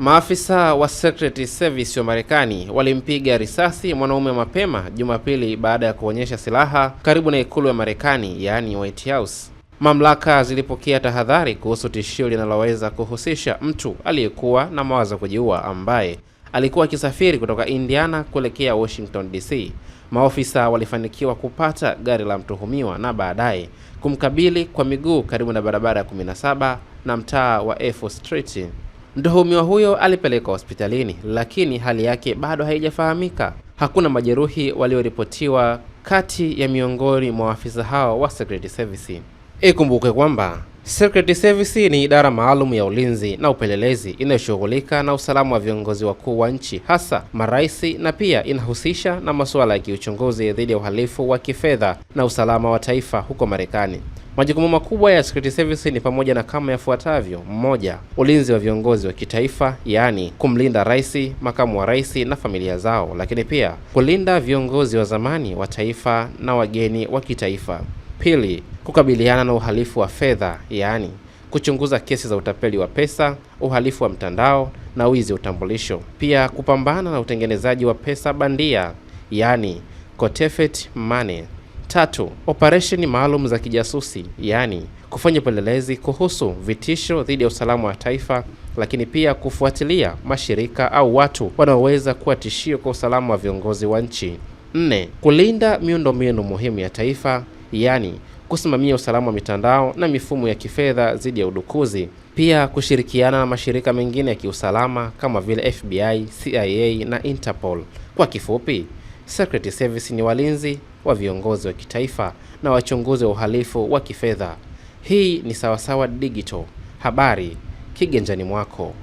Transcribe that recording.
Maafisa wa Secret Service wa Marekani walimpiga risasi mwanaume mapema Jumapili baada ya kuonyesha silaha karibu na ikulu ya Marekani, yaani White House. Mamlaka zilipokea tahadhari kuhusu tishio linaloweza kuhusisha mtu aliyekuwa na mawazo kujiua ambaye alikuwa akisafiri kutoka Indiana kuelekea Washington DC. Maofisa walifanikiwa kupata gari la mtuhumiwa na baadaye kumkabili kwa miguu karibu na barabara ya 17 na mtaa wa F Street. Mtuhumiwa huyo alipelekwa hospitalini lakini hali yake bado haijafahamika. Hakuna majeruhi walioripotiwa kati ya miongoni mwa waafisa hao wa Secret Service. Ikumbukwe kwamba Secret Service ni idara maalum ya ulinzi na upelelezi inayoshughulika na usalama wa viongozi wakuu wa nchi hasa marais na pia inahusisha na masuala ya kiuchunguzi dhidi ya uhalifu wa kifedha na usalama wa taifa huko Marekani. Majukumu makubwa ya Security Service ni pamoja na kama yafuatavyo: mmoja ulinzi wa viongozi wa kitaifa, yaani kumlinda rais, makamu wa rais na familia zao, lakini pia kulinda viongozi wa zamani wa taifa na wageni wa kitaifa. Pili, kukabiliana na uhalifu wa fedha, yaani kuchunguza kesi za utapeli wa pesa, uhalifu wa mtandao na wizi wa utambulisho. Pia kupambana na utengenezaji wa pesa bandia, yaani counterfeit money. Tatu, operesheni maalum za kijasusi, yaani kufanya upelelezi kuhusu vitisho dhidi ya usalama wa taifa, lakini pia kufuatilia mashirika au watu wanaoweza kuwa tishio kwa usalama wa viongozi wa nchi. Nne, kulinda miundombinu muhimu ya taifa, yaani kusimamia usalama wa mitandao na mifumo ya kifedha dhidi ya udukuzi, pia kushirikiana na mashirika mengine ya kiusalama kama vile FBI, CIA na Interpol. Kwa kifupi, Secret Service ni walinzi wa viongozi wa kitaifa na wachunguzi wa uhalifu wa kifedha. Hii ni Sawasawa Digital, habari kiganjani mwako.